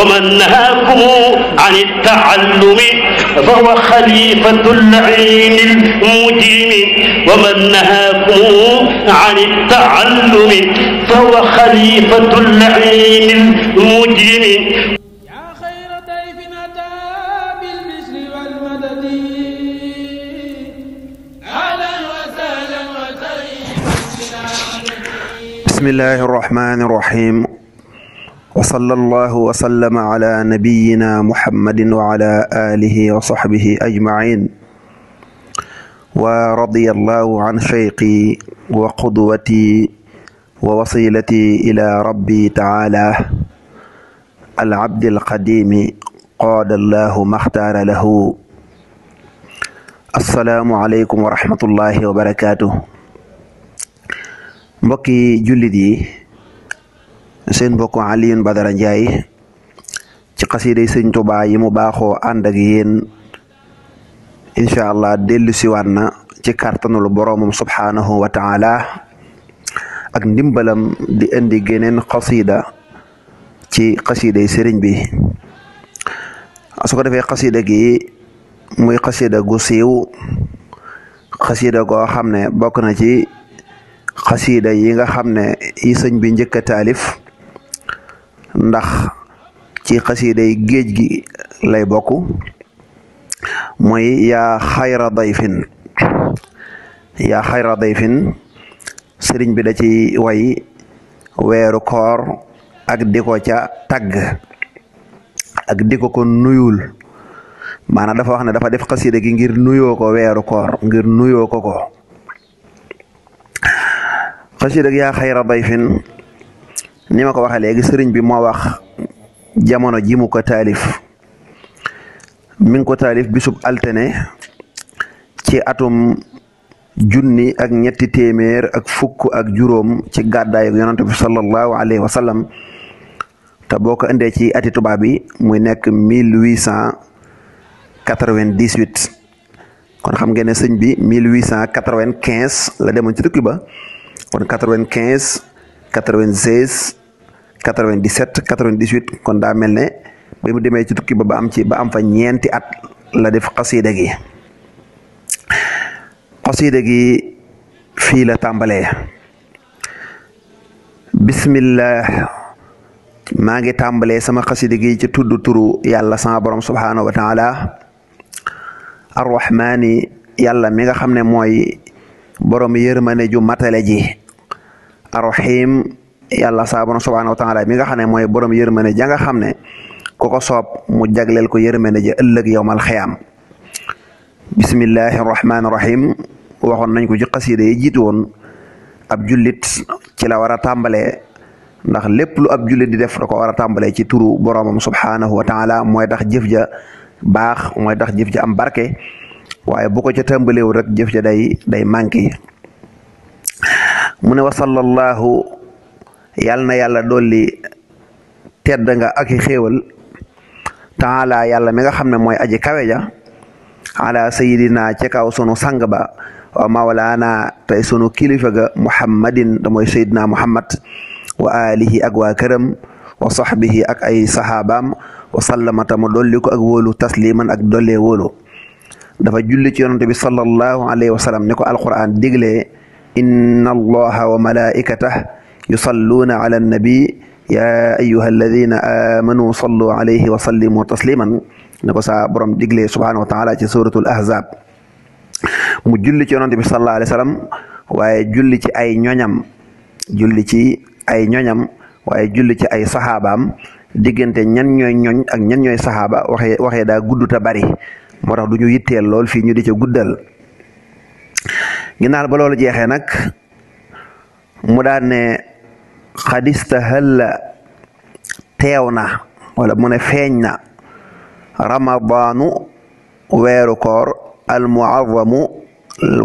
ومن نهاكم عن التعلم فهو خليفة العين المجيم ومن نهاكم عن التعلم فهو خليفة العين المجيم يا خير ضيف أتى بالبشر والمدد أهلا وسهلا وسهلا بسم الله الرحمن الرحيم wa sallallahu wa sallama ala nabiyyina muhammadin wa ala alihi wa sahbihi ajma'in wa radiyallahu an shaykhi wa qudwati wa wasilati ila rabbi ta'ala al-abdi al-qadimi qaada allahu maxtaara lahu assalaamu aleykum wa rahmatullahi wa barakaatu mbokki jullit yi seen mbokk Alioune Badara Ndiaye ci xasiiday sëñ Tuubaa yi mu baaxoo ànd ak yéen incha allah dellu siwaat na ci kàttanul boroomam subhaanahu wa taala ak ndimbalam di indi geneen xasiida ci xasiiday sëriñ bi su ko defee xasiida gi muy xasiida gu siiw xasiida goo xam ne bokk na ci xasiida yi nga xam ne yi sëñ bi njëkk taalif ndax ci xasiiday géej gi lay bokk mooy ya xayra dayfin yaa xayra dayfin sëriñ bi da ci way weeru koor ak di ko ca tagg ak di ko ko nuyul maanaam dafa wax ne dafa def xasiida gi ngir nuyoo ko weeru koor ngir nuyoo ko ko xasiida gi yaa xayra dayfin ni ma ko waxee léegi sëriñ bi moo wax jamono ji mu ko taalif mi ngi ko taalif bisub altene ci atum junni ak ñetti téeméer ak fukk ak juróom ci gàddaayu yonante bi sallallahu alayhi wa sallam te boo ko indee ci ati tubaab bi muy nekk mille huit cent quatre-vingt-dix-huit kon xam ngeen ne sëñ bi mille huit cent quatre la demoon ci tukki ba kon quatre-vingt-quinze quatre-vingt-seize 97 98 kon daa mel ne bi mu demee ci tukki ba ba am ci ba am fa ñeenti at la def xasiida gi xasiida gi fii la tàmbalee bismillah maa ngi tàmbalee sama xasiida gi ci tudd turu yàlla sama borom subhaanahu wa taala arrahmaani yàlla mi nga xam ne mooy borom yërmane ju matale ji arrahim yàlla saa borom subhaanahu wa taala mi nga xam ne mooy borom ja nga ko soob mu jagleel ko yërmande ji ëllëg yowmal xiyaam bismillahi rahmaani rahim waxoon nañ ko ci xasiida yi jiitu woon ab jullit ci la war a tàmbalee ndax lépp lu ab julit di def da ko war a tàmbalee ci turu boromam subhaanahu wa taala mooy tax jëf ja baax mooy tax jëf ja am barke waaye bu ko ca tàmbaleewul rek jëf ja day day manqué mu ne wa sallallahu yàll na yàlla dolli tedd nga taala yàlla mi nga xam ne mooy aji kawe ja ala sayidina ci kaw sunu sang ba wa mawlaana tey sunu kilifa ga muhammadin da mooy sayidina muhammad wa alihi ak waa këram wa sahbihi ak ay sahabaam wa sallama tamu dolli ko ak wóolu tasliman ak dollee wóolu dafa julli ci yonante bi sallallahu alayhi wa ni ko alquran diglee inna allaha wa malaikatah yusalluuna ala annabi yaa ayuha alladina amanu sallu alayhi wa sallimu tasliman ne ko saa borom diglee subhanahu wa taala ci suratul ahzab mu julli ci yonante bi sallallahu alayhi wa sallam waaye julli ci ay ñoñam julli ci ay ñoñam waaye julli ci ay saxaabaam diggante ñan ñooy ñoñ ak ñan ñooy saxaaba waxe waxee daa gudd te bari moo tax du ñu yitteel lool fii ñu di ca guddal ginnaaw ba loolu jeexee nag mu daan xadistahalla teew na wala mu ne feeñ na ramadaanu weeru koor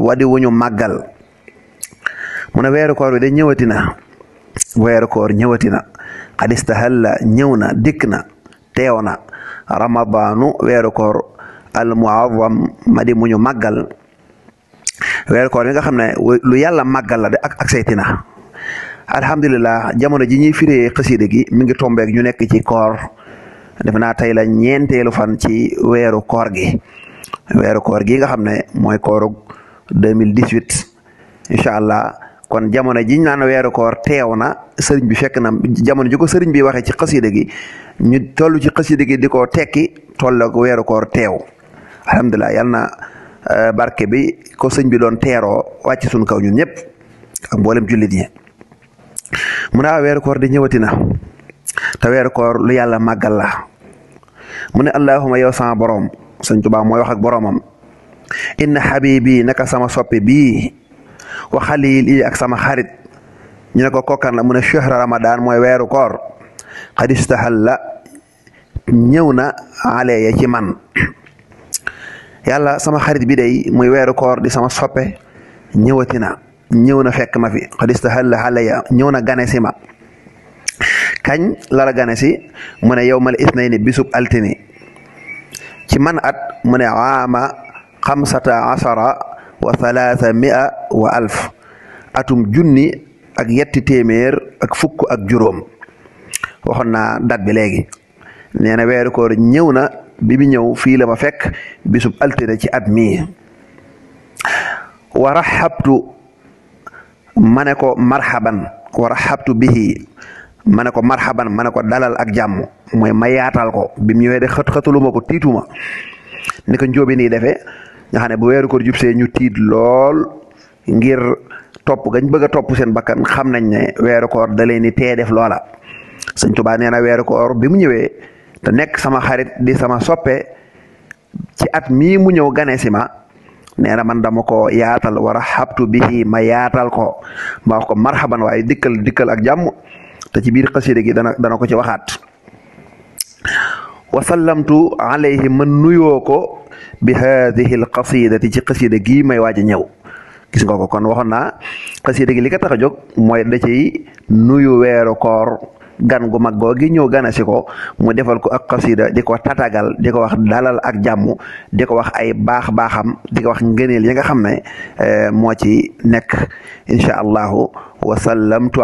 wadi wuñu màggal mu ne weeru koor bi de ñëwati na weeru koor ñëwati na xadistahalla ñëw na dikk na teew na ramadaanu weeru koor almuazam madi muñu màggal weeru koor nga xam ne lu yàlla màggal la de ak ak alhamdulilah jamono ji ñuy firee xasida gi mi ngi tombeek ñu nekk ci koor defe naa tey la ñeenteelu fan ci weeru koor gi weeru koor gi nga xam ne mooy koorug 2018 incha allah kon jamono ji ñu naan weeru koor teew na sëriñ bi fekk na jamono ji ko sëriñ bi waxee ci xasida gi ñu tollu ci xasida gi di ko tekki tolloog weeru koor teew alhamdulilah yal na eh, barke bi ko sëñ bi doon teeroo wàcc suñ kaw ñun ñëpp ak mboolem jullit ñi mu ne a koor di ñëwatina na te weeru koor lu yàlla màggal la mu ne allahuma yow sama boroom sëñ Tuubaa mooy wax ak boroomam inna xabibi naka sama soppe bi wa xalil ak sama xarit ñu ne ko kokkan la mu ne chahra ramadan mooy weeru koor xad la ñëw na aleya ci man yàlla sama xarit bi day muy weeru koor di sama soppe ñëwati ñëw na fekk ma fi xadista xal ñëw na gane ma kañ lara ganesi si mu ne yow mal isnayni bisub altini ci man at mu ne aama xamsata asara wa thalaatha mia wa alf atum junni ak yetti téeméer ak fukk ak juróom waxoon naa dat bi léegi nee na weeru koor ñëw na bi bi ñëw fii la ma fekk bisub altine ci at mi wa raxabtu ma ne ko marhaban wa rahabtu bihi ma ne ko marhaban ma ne ko dalal ak jàmm mooy ma yaatal ko bi mu ñëwee de xët xëtaluma ko tiituma ni ko njóobi nii defee nga xam bu weeru koor jub see ñu tiit lool ngir topp gañ bëgg a topp seen bakkan xam nañ ne weeru koor da leen ni tee def loola sëñ Tuubaa nee na weeru koor bi mu ñëwee te nekk sama xarit di sama soppe ci at mii mu ñëw gane si nee man dama ko yaatal wa rahabtu bihi ma yaatal ko ma wax ko marhaban waaye dikkal dikkal ak jàmm te ci biir xasida gi dana dana ko ci waxaat wasallamtu alayhi man nuyoo ko bi haadihi al qasidati ci xasida gi may waaj a ñëw gis nga ko kon waxoon naa xasida gi li ko tax a jóg mooy da ciy nuyu weeru koor gan gu mag gi ñëw ganasi siko mu defal ko ak xasida di ko tatagal di ko wax dalal ak jàmm di ko wax ay baax baaxam di ko wax ngëneel yi nga xam ne eh, moo ci nekk incha allahu wa sallamtu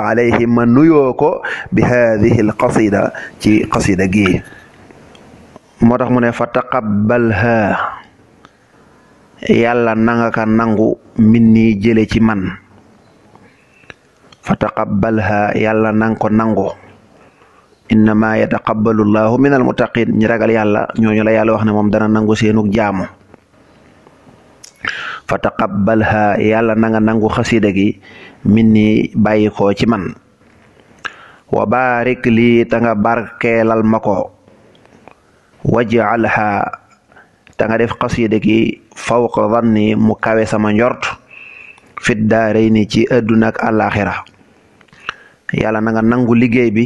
ma nuyoo ko bi hadihi qasida ci qasida gi moo tax mu ne fa taqabbalha yàlla nanga ka nangu min nii jële ci man fa taqabbalha yàlla nanga ko nangu innama yataqabbalu llahu min almuttaqin ñi ragal yàlla ñooñu la yàlla wax na moom dana nangu seenug jaamu fa taqabbalha yàlla na nangu xasida gi min ni bàyyi ko ci man wa barik lii ta nga barkeelal ma ko waj'alha ta nga def xasida gi fawqa danni mu kawe sama njort fit daarayni ci àdduna ak àllaaxira yàlla na nangu liggéey bi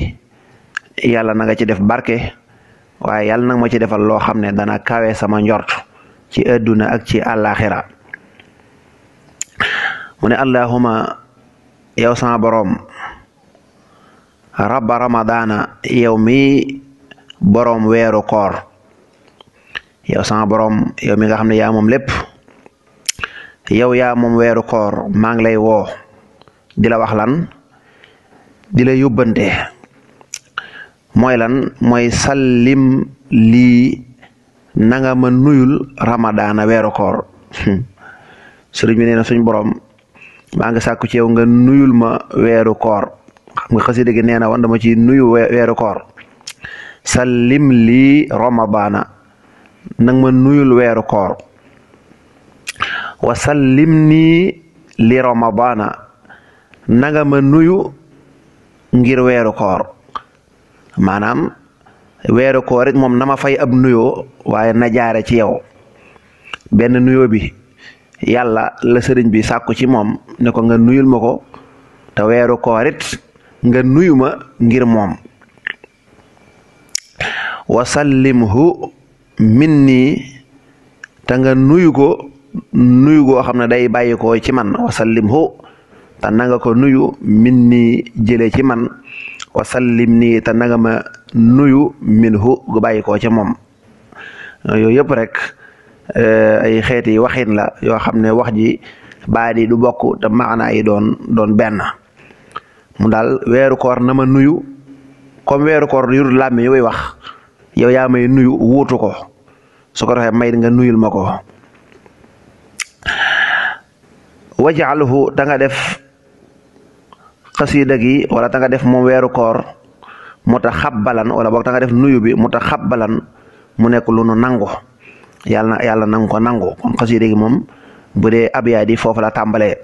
yàlla na nga ci def barke waaye yàlla nag ma ci defal loo xam ne dana kawe sama njort ci adduna ak ci àllaaxira mu ne allahuma yow sama boroom rabba ramadaana yow mi boroom weeru koor yow sama boroom yow mi nga xam ne yaa moom lépp yow yaa moom weeru koor maa ngi lay woo di la wax lan di la yóbbante mooy lan mooy sallim lii nanga nga ma nuyul ramadaana weeru koor hmm. sëriñ bi na suñ borom maa ngi sàkku ci nga nuyul ma weeru koor xam nga xasida gi nee na woon dama ci nuyu weeru koor sallim lii ramadaana nang ma nuyul weeru koor wa sallim nii li ramadaana nanga ma nuyu ngir weeru koor maanaam weeru koor moom nama ma fay ab nuyoo waaye na jaare ci yow benn nuyoo bi yàlla la sëriñ bi sàkku ci moom ne ko nga nuyul ma ko te weeru koor it nga nuyu ma ngir moom min ni te nga nuyu ko nuyu goo xam ne day bàyyi ko ci man wasallimhu te nanga ko nuyu ni jële ci man wasallim nii te nanga ma nuyu minhu gu bàyyi koo ca moom yooyu yëpp rek eh, ay xeeti waxin la yoo xam ne wax ji baat yi du bokk te maanaa yi doon doon benn mu daal weeru koor na ma nuyu comme weeru koor yur làmmi yooyu wax yow yaa may nuyu wuutu ko su ko defee may nga nuyul ma ko wajalhu danga def xasiida gi wala ta nga def moom weeru koor mu ta xabbalan wala boog ta def nuyu bi mu ta xabbalan mu nekk lu nu nangu yàlla na yàlla nangu ko nangu kon xasiida moom bu dee abyaat yi foofu la tàmbalee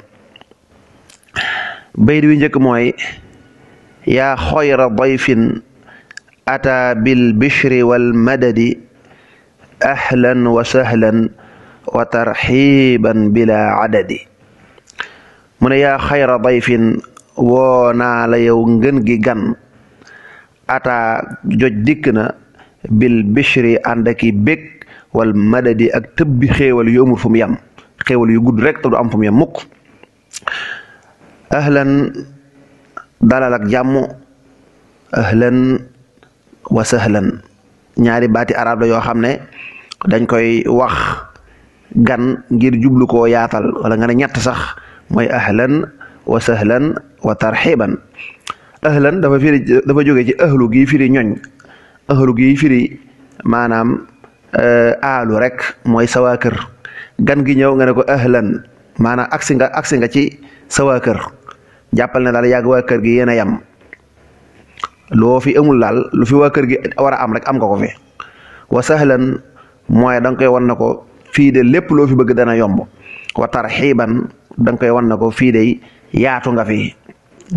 bayit wi njëkk mooy yaa xoyra dayfin ata bil bishri wal madadi ahlan wa sahlan wa tarxiiban bila adadi mu ne yaa xayra dayfin woo naa la yow ngën gi gan ata joj dikk na bil bishri ànd aki wal madadi ak tëbbi xéewal yu amul fu mu yem yu gudd rek te du am fu mu mukk ahlan dalal ak jàmm ahlan wa sahlan ñaari baati arab la yoo xam ne dañ koy wax gan ngir jublu ko yaatal wala nga ne ñett sax mooy ahlan wa sahlan wa tarxiban ahlan dafa dafa jóge ci ahlu gi firi ñoñ ahlu gi firi maanaam eh, aalu rek mooy sawaa kër gan gi ñëw nga ne ko ahlan maanaam agsi nga agsi nga ci sawaa kër jàppal ne daal yàgg waa kër gi yéen a yem loo fi amul daal lu fi waa kër gi war a am rek am nga ko fi wa sahlan mooy da koy wan na ko fii de lépp loo fi bëgg dana yomb wa tarxiban da koy wan ko fii de yaatu nga fi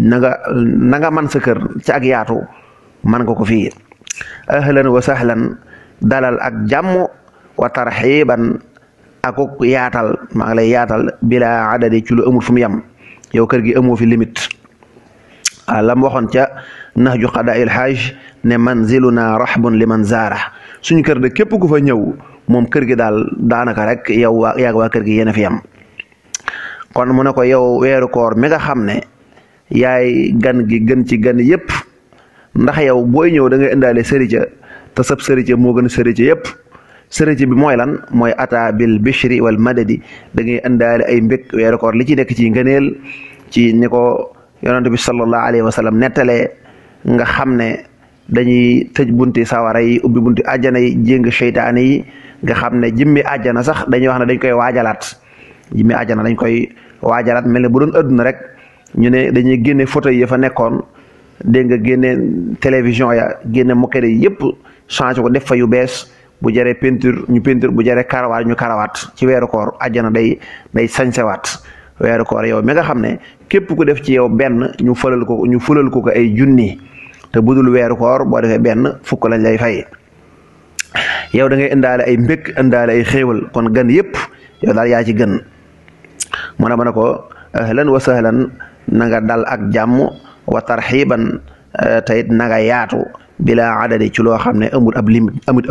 na nga na man sa kër ci ak yaatu man ko ko fii ahlan wa sahlan dalal ak jàmm wa tarxiiban akuk yaatal maa yaatal bila adadi ci lu amul fu mu yem yow kër gi amoo fi limite ah la mu waxoon ca nahju qadaa'il xaaj ne manziluna li man zaara suñu kër de képp ku fa ñëw moom kër gi daal daanaka rek yow waa yaa waa kër gi yéen a fi yem. kon mu ne ko yow weeru koor mi nga xam ne yaay gan gi gën ci gan yépp ndax yow booy ñëw da ngay indaale sëricë te sab sëricë moo gën sëricë yépp sëricë bi mooy lan mooy ata bil bishri wal madadi da ngay indaale ay mbég weeru li ci nekk ci ngëneel ci ni ko yonante bi sallallahu alayhi wa sallam nettalee nga xam ne dañuy tëj bunti sawara yi ubbi bunti àjjana yi jéng seytaane yi nga xam ne jimmi àjjana sax dañuy wax ne dañ koy waajalaat jimmi àjjana dañ koy waajaraat mel ne bu doon adduna rek ñu ne dañuy génne photo yi fa nekkoon dégg nga génne télévision ya génne moquette yëpp changé ko def fa yu bees bu jaree peinture ñu peinture bu jaree karawaat ñu karawaat ci weeru koor àjjana day day sañsewaat weeru koor mi nga xam ne képp ku def ci yow benn ñu fëlal ko ñu fëlal ko ko ay junni te budul weeru koor boo defee benn fukk lañ lay fay yow da ngay indaale ay mbëkk indaale ay xéewal kon gan yëpp yow daal yaa ci gën mu ne ma ne ko ahlan wa sahlan na nga dal ak jàmm wa tarxiban eh, tayit na yaatu bila adadi ci loo xam ne amul ab limite amul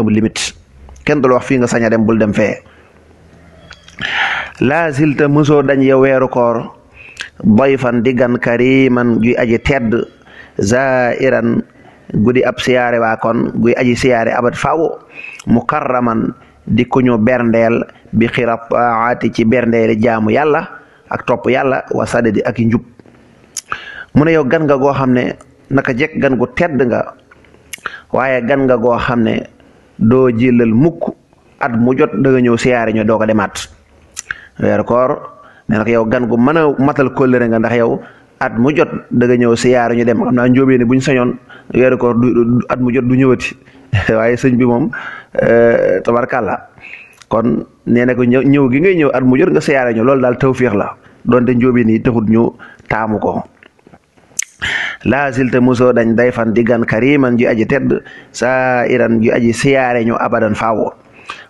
kenn du wax fii nga sañ a dem bul dem fee laa silta mosoo dañ yow weeru koor dayfan di gan guy aji tedd zairan gudi ab siyaare waa kon guy aji siyaare abat fawo mukarraman di ku berndeel bi xirapaati ci berndeeli jaamu yàlla ak topp yàlla wa sadadi ak i njub mu ne yow gan nga goo xam ne naka jekk gan gu tedd nga waaye gan nga goo xam ne doo jëlal mukk at mu jot daga ñëw siyaare doo ko demaat weeru koor ne yow gan gu mën a matal kóllëre nga ndax yow at mu jot danga ñëw siyaare ñu dem xam naa njóobee ne bu ñu sañoon weeru at mu jot du ñëwati waaye sëñ bi moom euh, tabarkàlla kon nee na ko ñëw ñëw gi ngay ñëw at mu jot nga siyaare ñu loolu daal tew tawfiix la doonte njóobeen yi taxut ñu taamu ko laa silta mosoo dañ day fan di gan kariman ju aji tedd saa iran ju aji siyaare ñu abadan faawo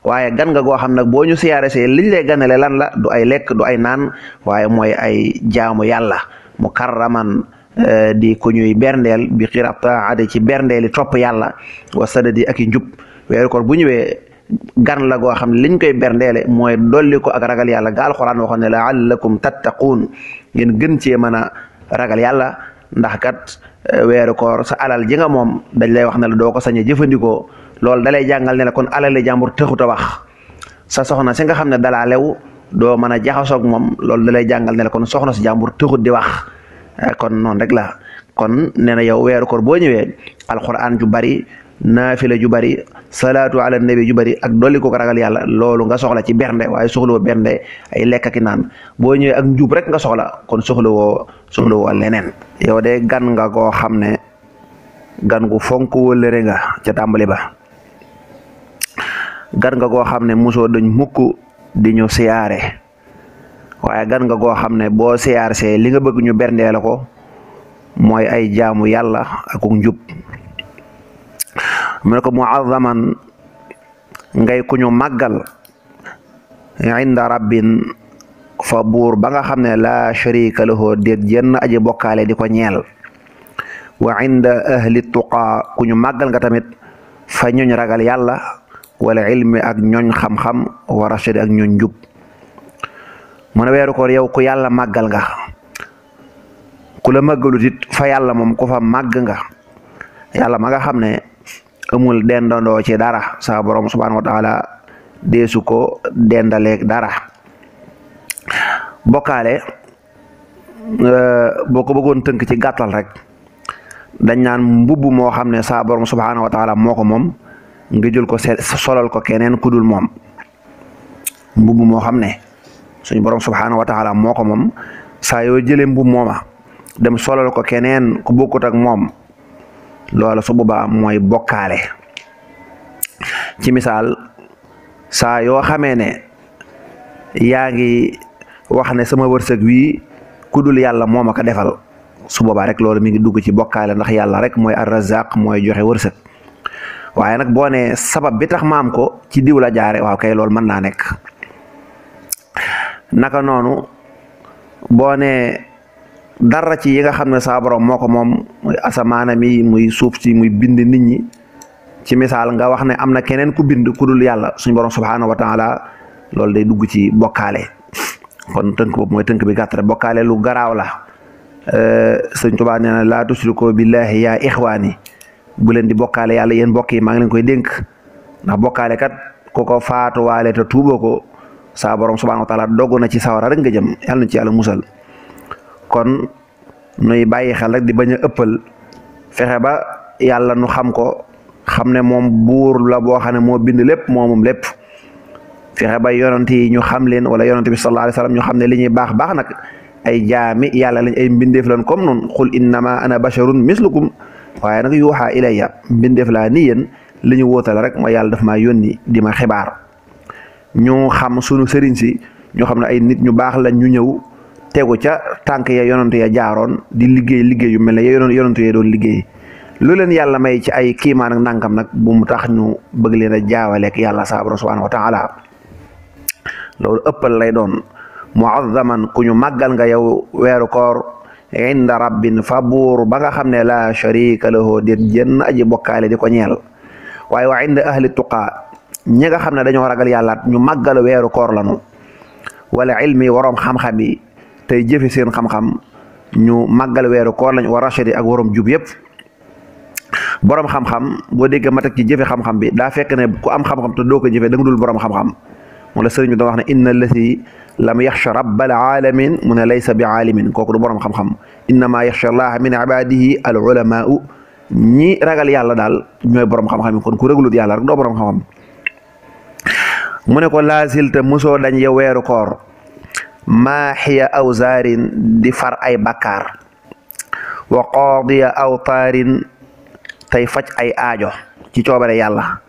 waaye gan nga goo xam nag boo ñu siyaare see liñ lay ganale lan la du ay lekk du ay naan waaye mooy ay jaamu yàlla mu karraman eh, di ku ñuy berndeel bi xirab taade ci berndeeli topp yàlla wa sadadi ak njub weeru koor bu ñëwee gan la goo xam ne liñ koy berndeele mooy dolli ko ak ragal yàlla ga alxuraan waxoon ne laallakum tattaquun ngeen gën cee mën a ragal yàlla ndax kat eh, weeru koor sa alal ji moom dañ lay wax ne doo ko sañ jëfandikoo loolu dalay jàngal ne la kon alali jàmbur tëxut a wax sa soxna si nga xam ne dalaa doo mën a jaxasoog moom loolu dalay jàngal ne la kon soxna si jàmbur tëxut di wax eh, noonu rek la kon nee na yow boo ñëwee alxuraan ju bari naafila ju bari salaatu ala nabi ju bari ak dolli ko ragal yàlla loolu nga soxla ci bernde waaye soxlawoo bernde ay lekk ak naan boo ñëwee ak njub rek nga soxla kon soxlawoo soxlawoo leneen. yow de gan nga goo xam ne gan gu fonk wëllëre nga ca tàmbali ba gan nga koo xam ne musoo dañ mukk di ñu siyaare waaye gan nga goo xam ne boo siyaar see li nga bëgg ñu berndee la ko mooy ay jaamu yàlla ak njub. mu ne ko muazzaman ngay ku ñu màggal inda buur ba nga xam ne la sharika lahu déet jenn aji bokkaale di ko ñeel wa inda ahli tuqaa ku ñu màggal nga tamit fa ñooñ ragal yàlla wala ilmi ak ñooñ xam-xam wa rashid ak ñooñ njub mu ne weeru ku yàlla màggal nga ku la màggalut fa yàlla moom ko fa màgg nga yàlla ma nga xam ne amul dendandoo ci dara saa borom subhaanahu wa taala deesu ko dendaleeg dara bokkaale euh, boo ko bëggoon tënk ci gàttal rek dañ naan mbubb moo xam ne saa borom subhaanahu wa taala moo ko moom nga jël ko solal ko keneen ku dul moom mbubb moo xam ne suñu borom subhaanahu wa moo ko moom saa yoo jëlee mbubb mooma dem solal ko keneen ku bokkut ak moom loola su boobaa mooy bokkaale ci misaal saa yoo xamee ne yaa ngi wax ne sama wërsëg wii ku dul yàlla moo ma ko defal su boobaa rek loolu mi ngi dugg ci bokkaale ndax yàlla rek mooy arrazaq mooy joxe wërsëg waaye nag boo nee sabab bi tax maam ko ci diw la jaare waaw kay loolu mën naa nekk naka noonu boo dara ci yi nga xam ne saa moo ko moom muy asamaana mi muy suuf si muy bind nit ñi ci misaal nga wax ne am na keneen ku bind ku dul yàlla suñ borom subhaanahu wa taala loolu day dugg ci bokkaale kon tënk boobu mooy tënk bi gàttare bokkaale lu garaaw la sëñ Tuubaa nee na laa tusriku billaahi yaa ixwaani bu leen di bokkaale yàlla yéen mbokk yi maa ngi leen koy dénk ndax bokkaale kat ku ko faatuwaale te tuuboo ko saa borom subhaanahu wa na ci sawara rek nga jëm yàlla ci yàlla musal kon nuy bàyyi xel rek di bañ a ëppal fexe ba yàlla nu xam ko xam ne moom buur la boo xam ne moo bind lépp moo moom lépp fexe ba yonent yi ñu xam leen wala yonent bi sallallahu alayhi wa sallam xam ne li baax baax nag ay jaami yàlla lañ ay mbindeef lan comme noonu xul innama ana basharun mislukum waaye nag yuuxaa ilayya mbindeef laa ni yéen li ñu wóotale rek mooy yàlla dafa maa yónni di ma xibaar ñu xam sunu sëriñ si ñu xam ne ay nit ñu baax lañ ñu ñëw tegu ca tànk ya yonantu ya jaaroon di liggéey liggéey yu mel ne ya yonantu ya doon liggéey lu leen yàlla may ci ay kiimaan ak nangam nag bu mu tax ñu bëgg leen a jaawaleek yàlla saabro subhanahu wa taala loolu ëppal lay doon muazzaman ku ñu màggal nga yow weeru koor inda rabbin fa buur ba nga xam ne la sharika lahu dir jënn aji bokkaale nga xam dañoo ragal yàlla ñu màggal weeru koor lanu wala ilmi waroom xam-xam tey jëfe seen xam-xam ñu màggal weeru koor lañ war rachadi ak waroom jub yëpp boroom xam-xam boo déggee ma teg ci jëfe xam-xam bi daa fekk ne ku am xam-xam te doo ko jëfe da nga dul borom xam-xam moom la sëriñ bi da wax ne inna allati lam yaxsha rabbal alamin mu ne laysa bi aalimin kooku du borom xam-xam innama yaxsha allaha min ibadihi al ulamaau ñi ragal yàlla daal ñooy borom xam-xam kon ku ragalut yàlla rek doo borom xam-xam mu ne ko laasil te mosoo dañ ya weeru koor maaxiya awsaarin di far ay bakkaar wa qaadiya awtaarin tey faj ay aajo ci coobare yàlla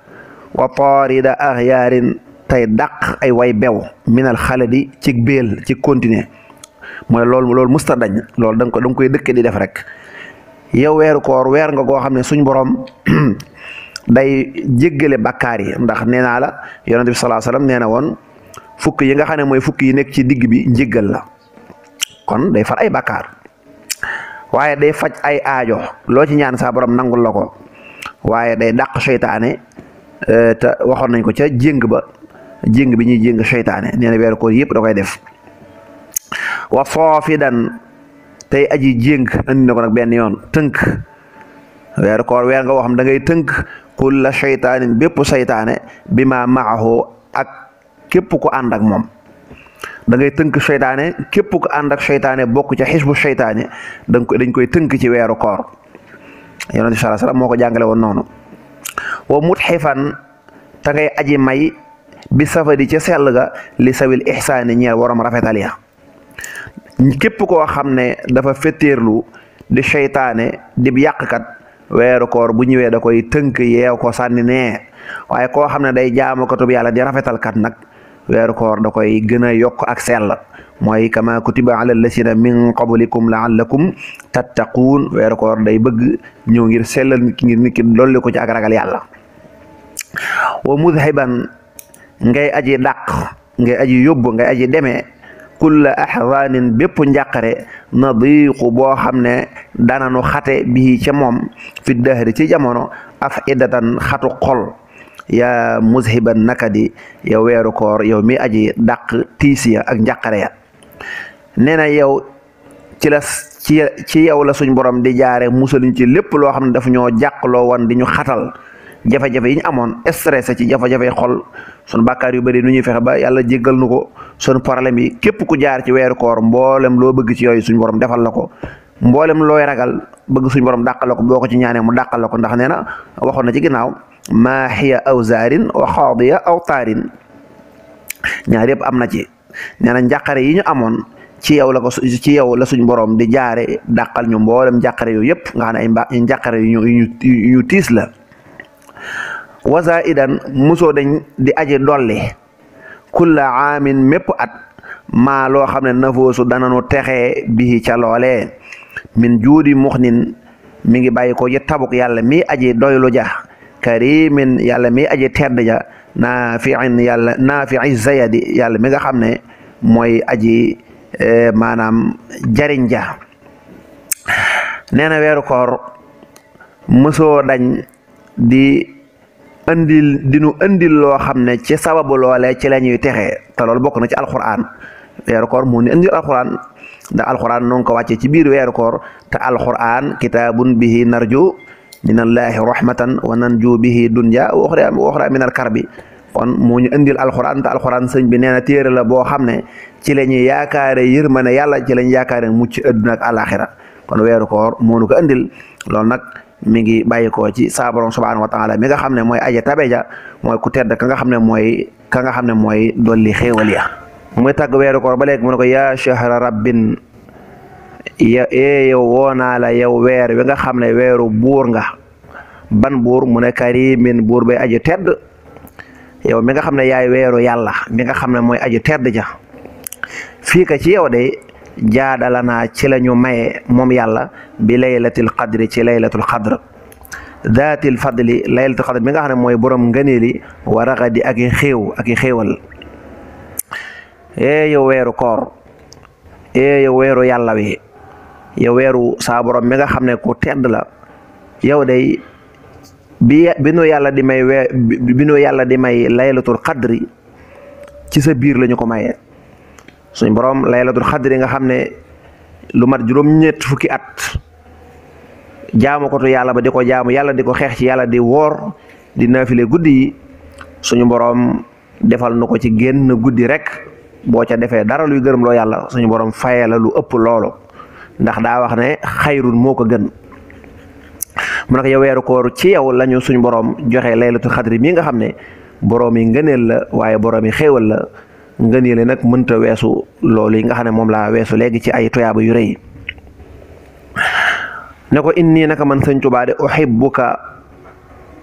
wa taarida axyaarin tey dàq ay way bew minal xaladi ci béel ci continuer mooy loolu loolu musta dañ loolu danga ko danga koy dëkk di def rek yow weeru koor weer nga koo xam ne suñ borom day jéggale bakkaar yi ndax nee naa la yonent bi salaa sallam nee na woon fukk yi nga xam ne mooy fukk yi nekk ci digg bi njëggal la kon day far ay bàkkaar waaye day faj ay aajo loo ci ñaan saa borom nangul la ko waaye day dàq seytaane euh, te waxoon nañ ko ca jéng ba jéng bi ñuy jéng seytaane nee na koor yëpp da koy def wa soofidan tey aji jéng andi na ko benn yoon tënk weeru koor weer nga woo xam da ngay tënk seytaanin bépp seytaane bi ma maaxoo ak képp ku ànd ak moom dangay tënk seytaane képp ku ànd ak seytaane bokk ca bu seytaane dañ dañ koy tënk ci weeru koor yonent bi sallallahu alayhi moo ko jàngale woon noonu wa mutxifan te ngay aji may bi safadi ca sell ga li sawil ihsaani ñeel waram rafetal ya képp koo xam ne dafa fetteerlu di seytaane di yàqkat weeru koor bu ñëwee da koy tënk yeew ko sànni nee waaye koo xam ne day jaamu katub yàlla di rafetal kat nag weeru koor da koy gën a yokk ak sell mooy kama kutiba ala lasina min qablikum laallakum tattaquun weeru koor day bëgg ñëw ngir sellal ngir nit ki dolli ko ci ak ragal yàlla wa mudhiban ngay aji dàq ngay aji yóbbu ngay aji demee kulla axdaanin bépp njàqare na diiqu boo xam ne dananu xate bii ca moom fi ci jamono af iddatan xatu xol yaa muzhiban nakadi yow weeru koor yow mi aji dàq tiis ya ak njàqare ya nee na yow ci la ci ci yow la suñ borom di jaare musaluñ ci lépp loo xam ne daf ñoo jàqloo woon di ñu xatal jafe-jafe yi ñu amoon stressé ci jafe-jafe xol sun bàkkaar yu bari nu ñuy fexe ba yàlla jéggal nu ko sun problème yi képp ku jaar ci weeru koor mboolem loo bëgg ci yooyu suñ borom defal la ko mboolem looy ragal bëgg suñ borom dàqal la ko boo ko ci ñaanee mu dàqal la ko ndax nee na waxoon na ci ginnaaw ma aw zaarin wa xaadiya aw ñaar yëpp am na ci nee na yi ñu amoon ci yow la yow la suñ borom di jaare dàqal ñu mboolem njàqare yooyu yëpp nga xam ne ay mba njàqare yu ñu tiis la wasa idan musoo dañ di aji dolli kulla aamin mépp at maa loo xam ne nafoosu dananu texee bii ca loolee min juudi mux nin mi ngi bàyyi ko ji tabuk yàlla mi aje doylu ja karimin yàlla mi aji tedd ja naafiin yàlla naafii zayadi yàlla mi nga xam ne mooy aji eh, maanaam jariñ ja nee na weeru koor mësoo dañ di andil dinu andil loo xam ne ci sababu loolee ci la ñuy texee te loolu bokk na ci alquran weeru koor moo ni andil alquran ndax alquran noonu ko wàccee ci biir weeru koor te alquran kitaabun bihi narju minallaahi rahmatan wa nanju bihi dunya wa uxra wa uxra minal karbi kon moo ñu indil alxuraan te alxuraan sëñ bi nee na téere la boo xam ne ci la ñuy yaakaare yërmande yàlla ci la ñuy yaakaare mucc adduna ak àlaxira kon weeru koor moo ñu ko indil loolu nag mi ngi bàyyi ko ci saa borom subhaanahu wa taala mi nga xam ne mooy aje tabeja mooy ku tedd ka nga xam ne mooy ka nga xam ne mooy dolli xéewal ya muy tàgg weeru ba léegi mu ko yaa shahra rabbin ya e yow woonaa la yow weer wi nga xam ne weeru buur nga ban buur mu ne karimin buur bay aju tedd yow mi nga xam ne yaay weeru yàlla mi nga xam ne mooy aju tedd ja fii ka ci yow de jaadala naa ci lañu ñu maye moom yàlla bi laylatil qadri ci laylatul qadr daatil fadli laylatul qadr mi nga xam ne mooy borom ngëneeli wa raxadi ak i xéew ak i ee eh, yow weeru koor ee eh, yow weeru yàlla wi yow weeru saa borom mi nga xam ne ko tedd la yow day bi bi yàlla di may bi nu yàlla di may laylatul xadri ci sa biir lañu ko mayee suñ borom laylatul xadri nga xam ne lu mat juróom-ñett fukki at jaamu kotu yàlla ba di ko jaamu yàlla di ko xeex ci yàlla di woor di naafile guddi yi suñu borom defal nu ko ci génn guddi rek boo ca defee dara luy gërëm loo yàlla suñu borom fayee la lu ëpp loolu ndax daa wax ne xayrun moo ko gën mu nag yow weeru koor ci yow lañu suñ boroom joxe laylatul xadri mii nga xam ne borom yi ngëneel la waaye borom yi xéewal la ngëneel nag mënta weesu loolu yi nga xam ne moom laa weesu léegi ci ay toyaaba yu rëy ne ko inni naka man sëñ Tuubaa de uhibbuka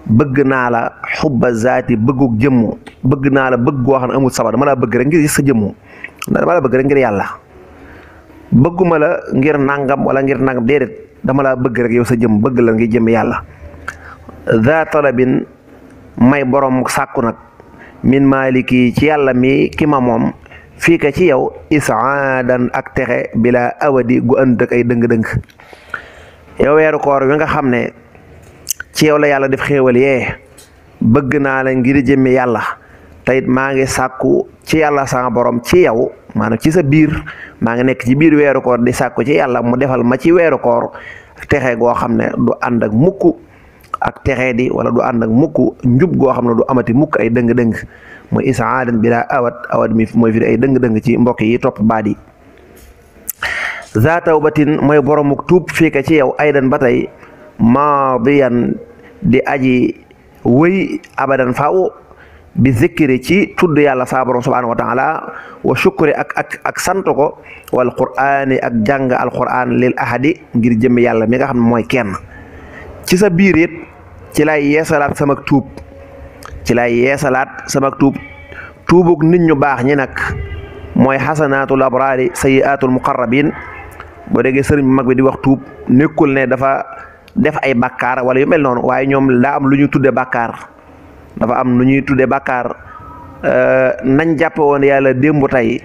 bëgg naa la xubba zaati bëgguk jëmmu bëgg naa la bëgg goo xam ne amul sabar dama laa bëgg rek ngir sa jëmmu dama laa bëgg rek ngir yàlla. bëgguma la ngir nangam wala ngir nangam déedéet dama laa bëgg rek yow sa jëm bëgg la ngi jëm yàlla daa talabin may borom sàkku nag min maaliki ci yàlla mi ki ma moom fii ka ci yow isaadan ak texe bila awadi gu ànd ak ay dëng-dëng yow weeru koor wi nga xam ne ci yow la yàlla def xéewal yee bëgg naa la ngir jëmmi yàlla teyit maa ngi sàkku ci yàlla sama borom ci yow maanaam ci sa biir maa ngi nekk ci biir weeru koor di sàkku ci yàlla mu defal ma ci weeru koor texe goo xam ne du ànd ak mukk ak texe di wala du ànd ak mukk njub goo xam ne du amati mukk ay dëng-dëng mooy isaadan bi daa awat awat mi mooy firi ay dëng-dëng ci mbokk yi topp baat yi za tawbatin mooy boromuk tuub fiika ci yow aydan ba tey maadiyan di aji wëy abadan faaw bi zikri ci tudd yàlla saa borom subhaanahu wa taala wa shukri ak ak ak sant ko wal qur'aani ak jàng alqur'aan lil ahadi ngir jëmm yàlla mi nga xam ne mooy kenn ci sa biir it ci lay yeesalaat sama tuub ci lay yeesalaat sama tuub tuubug nit ñu baax ñi nag mooy xasanaatul abraari sayiaatul muqarrabin boo déggee sëriñ mag bi di wax tuub nekkul ne dafa def ay bakkaar wala yu mel noonu waaye ñoom daa am lu ñu tudde bàkkaar dafa am nu ñuy tudde bàkkaar euh, nañ jàpp woon yàlla démb tey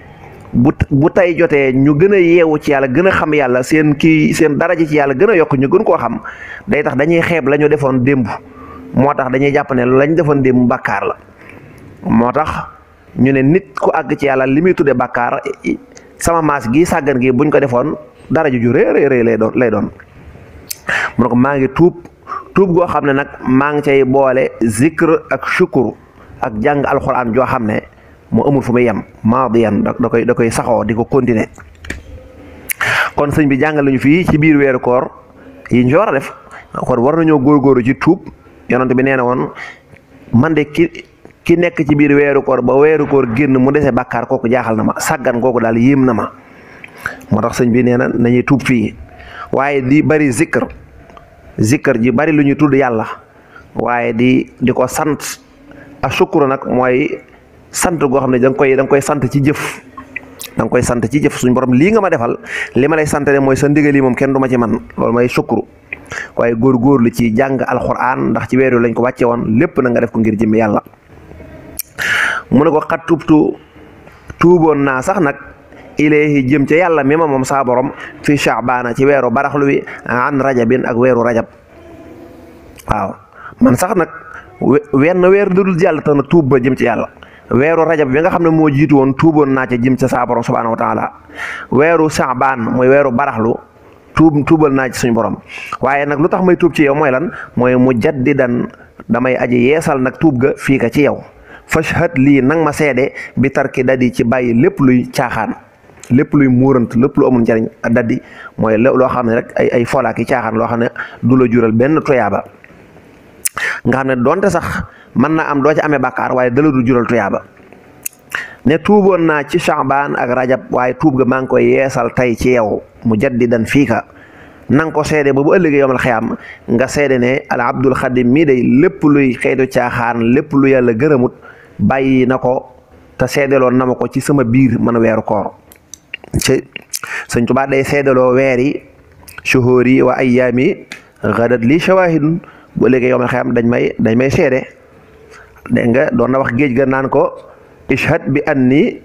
bu bu tey jotee ñu gën a yeewu ci yàlla gën a xam yàlla seen kii seen daraja ci yàlla gën a yokk ñu gën koo xam day tax dañuy xeeb la ñu defoon démb moo tax dañuy jàpp ne lañ defoon démb bàkkaar la moo tax ñu ne nit ku àgg ci yàlla li muy tudde bàkkaar sama maas gi sàggan gi buñ ko defoon daraja ju rëy rëy lay doon lay doon mu ne ko maa ngi tuub tuub goo xam ne nag maa ngi cay boole zikr ak shukuru ak jàng alxuraan joo xam ne mu amul fu muy yem maadiyan da koy da koy saxoo di ko continuer kon sëñ bi jàngal lañu fii ci biir weeru koor yi ñu a def kon war nañoo góorgóorlu ci tuub yonent bi nee na woon man de ki ki nekk ci biir weeru koor ba weeru koor génn mu desee bàkkaar kooku jaaxal na ma sàggan kooku daal yéem na ma moo tax sëñ bi nee na nañuy tuub fii waaye di bari zikr zikkar ji bari lu ñuy tudd yàlla waaye di di ko sant ak sukkur nag mooy sant goo xam ne da koy da koy sant ci jëf da koy sant ci jëf suñ borom lii nga ma defal li ma lay sant ne mooy sa ndigal yi moom kenn duma ma ci man loolu mooy sukkuru waaye góor góorgóorlu ci jàng alxuraan ndax ci weer wi lañ ko wàcce woon lépp na nga def ko ngir jëmmi yàlla mu ne ko xat tubtu tuuboon naa sax nag ilayhi jëm ca yàlla mi ma moom saa borom fi shaabaana ci weeru baraxlu wi an rajabin ak weeru rajab waaw man sax nag wenn weer dudul jàll tax na tuub ba jëm ci yàlla weeru rajab bi nga xam ne moo jiitu woon tuuboon naa ca jëm ca saa borom subhaanahu wa taala weeru shaabaan mooy weeru baraxlu tuub tuubal naa ci suñu borom waaye nag lu tax may tuub ci yaw mooy lan mooy mu jaddidan damay aji yeesal nag tuub ga fii ka ci yow fashhad lii nang ma seede bi tarki dadi ci bàyyi lépp luy caaxaan lépp luy muurant lépp lu amul njariñ daddi mooy loo xam ne rek ay ay folaak yi caaxaan loo xam ne du la jural benn tuyaaba nga xam ne donte sax mën naa am doo ci amee bàkkaar waaye dala du jural tuyaaba ne tuuboon naa ci Shaabaan ak rajab waaye tuub ga maa ngi koy yeesal tey ci yow mu jaddidan fii fiika na nga ko seede ba bu ëllëgee yomal xiyaam nga seede ne al abdul xadim mii day lépp luy xeetu caaxaan lépp lu yàlla gërëmut bàyyi na ko te seedeloon na ko ci sama biir man weeru koor ci sëñ Tuubaa day seedaloo weer yi yi wa ayyaam yi xadat lii shawahidun bu léegi yowmal xiyaam dañ may dañ may seede dégg nga doon na wax géej ga naan ko ishhad bi anni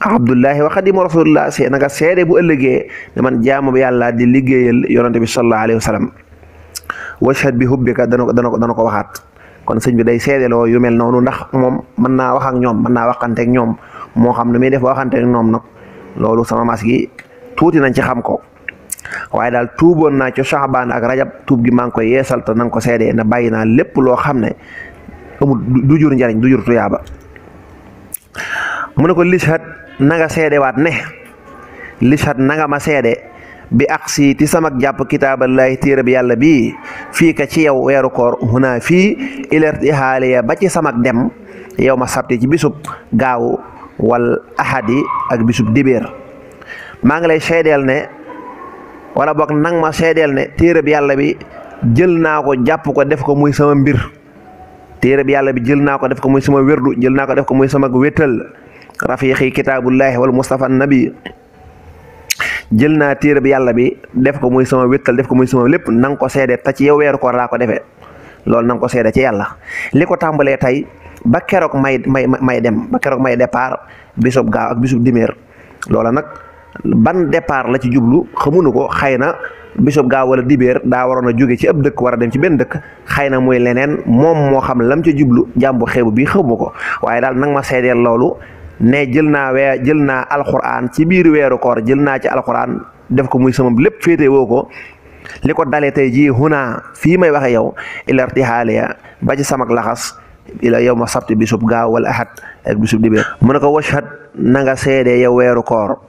abdullahi wa xadimu rasulillah see na nga bu ëllëgee ne man jaamu yàlla di liggéeyal yonante bi sallallahu alayhi wa sallam washhad bi hubbika dana ko dana ko dana ko waxaat kon sëñ bi day seedeloo yu mel noonu ndax moom mën naa wax ak ñoom mën naa waxante ñoom moo xam ne muy def waxante ak ñoom nag loolu sama mas gi tuuti nañ ci xam ko waaye daal tuuboon naa ci saxbaan ak rajab tuub gi maa ngi koy yeesal te na nga ko seede na bàyyi naa lépp loo xam ne amul du jur njariñ du jur tuyaaba mu ne ko lishat na nga seedewaat ne lishat na nanga ma seede bi aksi ti samak jàpp kitaaballahi téere bi yàlla bi fii ka ci yow weeru koor hunaa fii ilerti xaaliya ba ci samak dem yow ma sabti ci bisub gaaw wal yi ak bisub dibéer maa ngi lay seedeel ne wala boog nang ma seedeel ne téereb yàlla bi jël naa ko jàpp ko def ko muy sama mbir téereb yàlla bi jël naa ko def ko muy sama wérdu jël naa ko def ko muy sama wétal rafiqi kitaabullahi wal mustafa nabi jël naa téereb yàlla bi def ko muy sama wétal def ko muy sama lépp nang ko seede ta ci yow weeru koor laa ko defee loolu nang ko seede ci yàlla li ko tàmbalee tey ba keroog may may may dem keroog may départ bisub gaaw ak bisub diméer loola nag ban départ la ci jublu xamunu ko xëy na bisub gaaw wala dibéer daa waroon a jóge ci ab dëkk war a dem ci benn dëkk xëy na muy leneen moom moo xam lam ci jublu jàmbu xeebu bi xamu ko waaye daal nang ma seedeel loolu ne jël naa wee jël naa alxuraan ci biir weeru koor jël naa ci alxuraan def ko muy sama lépp féete woo ko li ko dalee tey jii hunaa fii may waxe yow ilartihaaliya ba ci samak laxas ila yow ma sabti bisub gaaw wala ahad ak bisub dibéer mu ne ko washhad na nga seedee yow weeru koor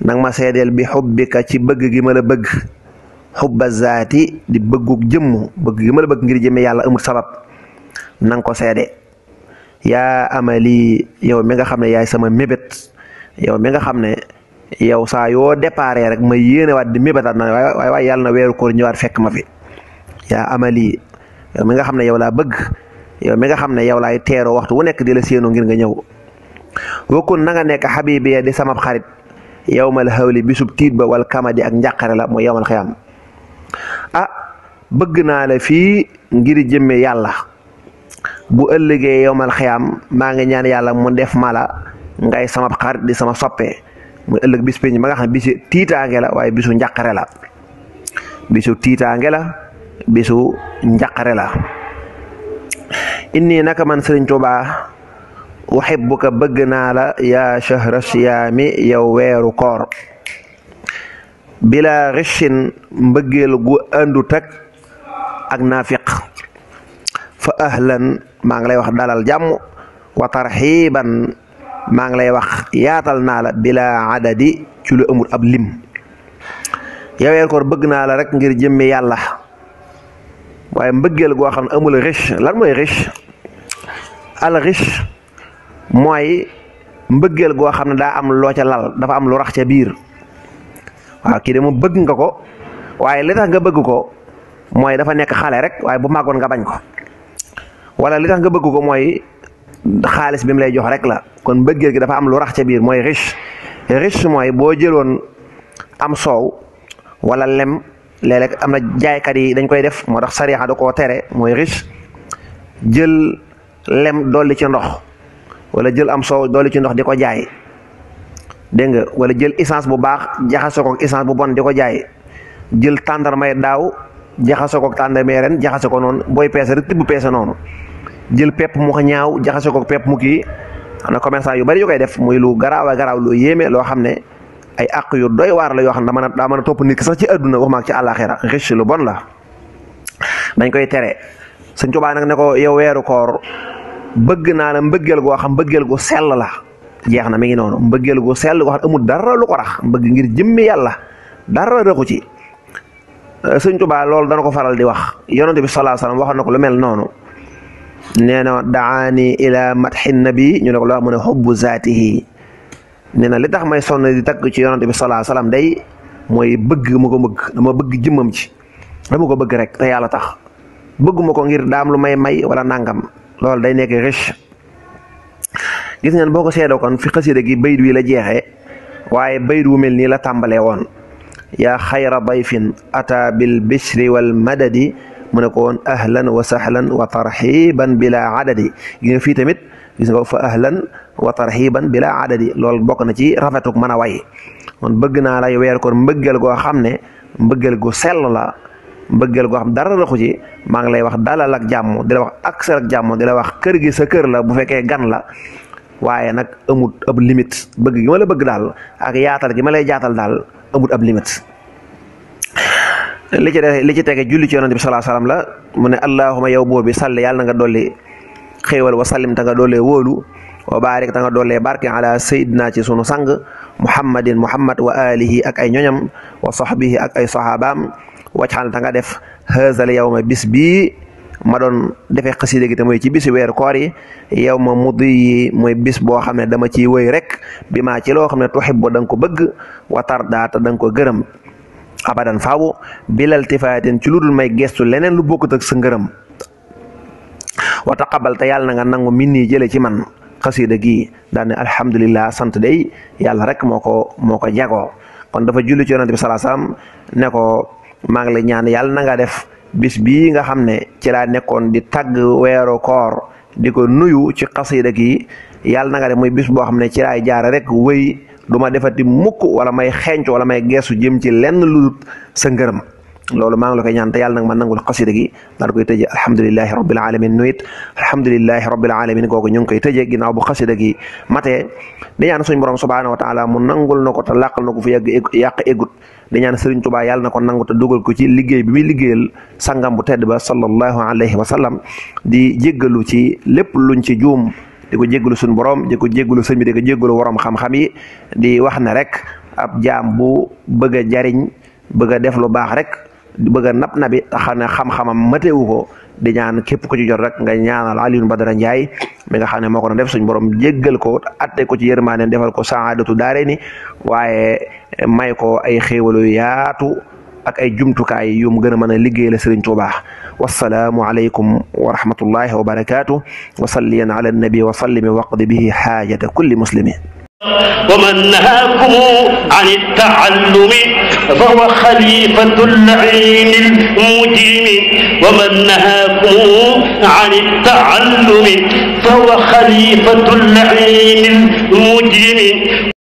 nang ma seedeel bi xubbika ci bëgg gi ma la bëgg di bëgguk jëmm bëgg gi ma la bëgg ngir jëme yàlla amul sabab nang ko seede yaa amali yow mi nga xam ne yaay sama mébét yow mi nga xam ne yow saa yoo déparé rek ma yéene waat di mébétaat na waaye waaye yàlla na weeru koor ñëwaat fekk ma fi yaa amali yow mi nga xam ne yow laa bëgg yow mi nga xam ne yow laay teeroo waxtu wu nekk di la séenu ngir nga ñëw wakkun na nga nekk xabibiya di samab xarit ma la xawli bisu tiit ba wal kamadi ak njàqare la mu yowmal xiyaam ah, bëgg naa la fii ngir jëmme yàlla bu ëllëgee yowmal xiyaam maa ngi ñaan yàlla mu def ma la ngay samab soppe mu ëllëg bis peñ ba nga xam bisu tiitaange la waaye bisu njàqare la bisu tiitaange la bisu njàqare la inni naka man sëriñ Tuubaa uhibbuka bëgg naa la yaa shahra siyaami yow weeru koor bila richin mbëggeel gu àndut ak ak naafiq fa ahlan maa ngi lay wax dalal jàmm wa tarxiiban maa ngi lay wax yaatal naa la bila adadi ci lu ab lim yow weeru koor bëgg naa la rek ngir jëmmi yàlla waaye mbëggeel goo xam ne amul riche lan mooy riche al riche mooy mbëggeel goo xam ne daa am loo ca lal dafa am lu rax ca biir waaw kii de mu bëgg nga ko waaye li tax nga bëgg ko mooy dafa nekk xale rek waaye bu màggoon nga bañ ko wala li nga bëgg ko mooy xaalis bi mu lay jox rek la kon mbëggeel gi dafa am lu rax ca biir mooy riche riche mooy boo jëloon am soow wala lem. léeg am na jaaykat yi dañ koy def moo tax sariya da ko tere mooy riche jël lem dolli ci ndox walla jël am soow dolli ci ndox di ko jaay dégg nga wala jël issance bu baax jaxasoo ko essence bu bon di ko jaay jël tàndarmay daaw jaxasoo ko tàndarmay ren jaxase ko noonu booy peese rek tibb peese noonu jël pepp mu ñaaw jaxasoo ko pepp mu kii am na commerçant yu bari yu koy def muy lu garaaw a garaaw lu yéeme loo xam ne. ay àq yu doy la yoo xam ne dama daa mën a topp nit ki sax ci àdduna wax maak ci àllaaxira riche lu bon la dañ koy tere Sëñ Tuubaa nag ne ko yow weeru koor bëgg naa la mbëggeel goo xam mbëggeel gu sell la jeex na mi ngi noonu mbëggeel gu sell goo xam dara lu bëgg rax mbëgg ngir jëmmi yàlla dara rëqu ci euh, Sëñ Tuubaa loolu dana ko faral di wax yonent bi sallallahu alayhi na ko lu mel noonu nee na daani ila madhi nabi ñu ne ko loo mu ne xubbu zaatihi nee na li tax may sonn di takk ci yonante bi salaa salaam day mooy bëgg ma ko bëgg dama bëgg jëmmam ci dama ko bëgg rek te yàlla tax bëgguma ko ngir daam lu may may wala nangam loolu day nekk riche gis ngeen boo ko seedoo kon fi xasida gi bayit wi la jeexe waaye bayit wu mel nii la tàmbalee woon yaa xayra dayfin ata bil bishri wal madadi mu ne ko woon ahlan wa sahlan wa tarxiban bila adadi gi nga fii tamit gis nga fa ahlan wa tarxiban bila adadi loolu bokk na ci rafetuk man a way man bëgg naa lay weer kon mbëggeel goo xam ne mbëggeel gu sell la mbëggeel goo xam dara raxu ci maa ngi lay wax dalal ak jàmm di la wax aksel ak jàmm di la wax kër gi sa kër la bu fekkee gan la waaye nag amut ab limite bëgg gi ma la bëgg daal ak yaatal gi ma lay jaatal daal amut ab limite li ci de li ci tege julli ci yonent bi salaa salaam la mu ne allahuma yow buur bi yàlla na nga dolli xéewal wa sallim ta nga dollee wa baarik ta nga doolee barke ala sayyidina ci sunu sang muhammadin muhammad wa alihi ak ay ñoñam wa sahbihi ak ay sahabaam wacxaan ta nga def haazal ma bis bi ma doon defee xasida gi te mooy ci bisi weeru koor yi yow ma mudd yi mooy bis boo xam ne dama ciy woy rek bi ma ci loo xam ne tuhibbu da nga ko bëgg wa tarda te da nga ko gërëm abadan faawu bilal tifaatin ci lu dul may gestu leneen lu bokkut ak sa ngërëm wa taqabal te yàlla na nga nangu min nii jële ci man xasiida gi daan ne alhamdulilah sant day yàlla rek moo ko moo ko jagoo kon dafa julli ci bi salaa salaam ne ko maa ngi lay ñaan yàlla nanga def bis bii nga xam ne ci laa nekkoon di tagg weeru koor di ko nuyu ci xasiida gi yàlla na nga def mooy bis boo xam ne ci laay jaare rek wéy duma ma defati mukk wala may xenc wala may geesu jëm ci lenn lu sa ngërëm loolu maa ngi la koy ñaan te yàlla nag ma nangul xasida gi daal koy tëjee alhamdulilahi rabbil alamin nuit alhamdulilahi rabbil alamin googu ñu ngi koy tëjee ginnaaw bu xasida gi matee di ñaan suñ borom subhanahu wa taala nangul na ko te làqal na ko fi yàgg yàq égut di ñaan sëriñ Tuubaa yàlla na ko nangu te dugal ko ci liggéey bi muy liggéeyal sangam bu tedd ba sallallahu alayhi wa sallam di jéggalu ci lépp luñ ci juum di ko jéggalu suñ borom di ko jéggalu sëñ bi di ko jéggalu warom xam-xam yi di wax ne rek ab jaam bu bëgg jariñ bëgg def lu baax rek bëgg nap nab nabi xam ne xam-xamam matewu ko di ñaan képp ku ci jot rek nga ñaanal Alioune Badara Ndiaye mi nga xam ne moo ko doon def suñ borom jéggal ko atte ko ci yërmaane defal ko saadatu daare ni waaye may ko ay xéewalu yaatu ak ay jumtukaay yu mu gën mën a liggéey la Serigne Touba wassalaamu aleykum wa rahmatullahi wa barakaatu wa salliyan ala annabi wa sallimi waqdi bihi xaajata kulli muslimin ومن نهاكم عن التعلم فهو خليفة العين المجيم ومن نهاكم عن التعلم فهو خليفة العين المجيم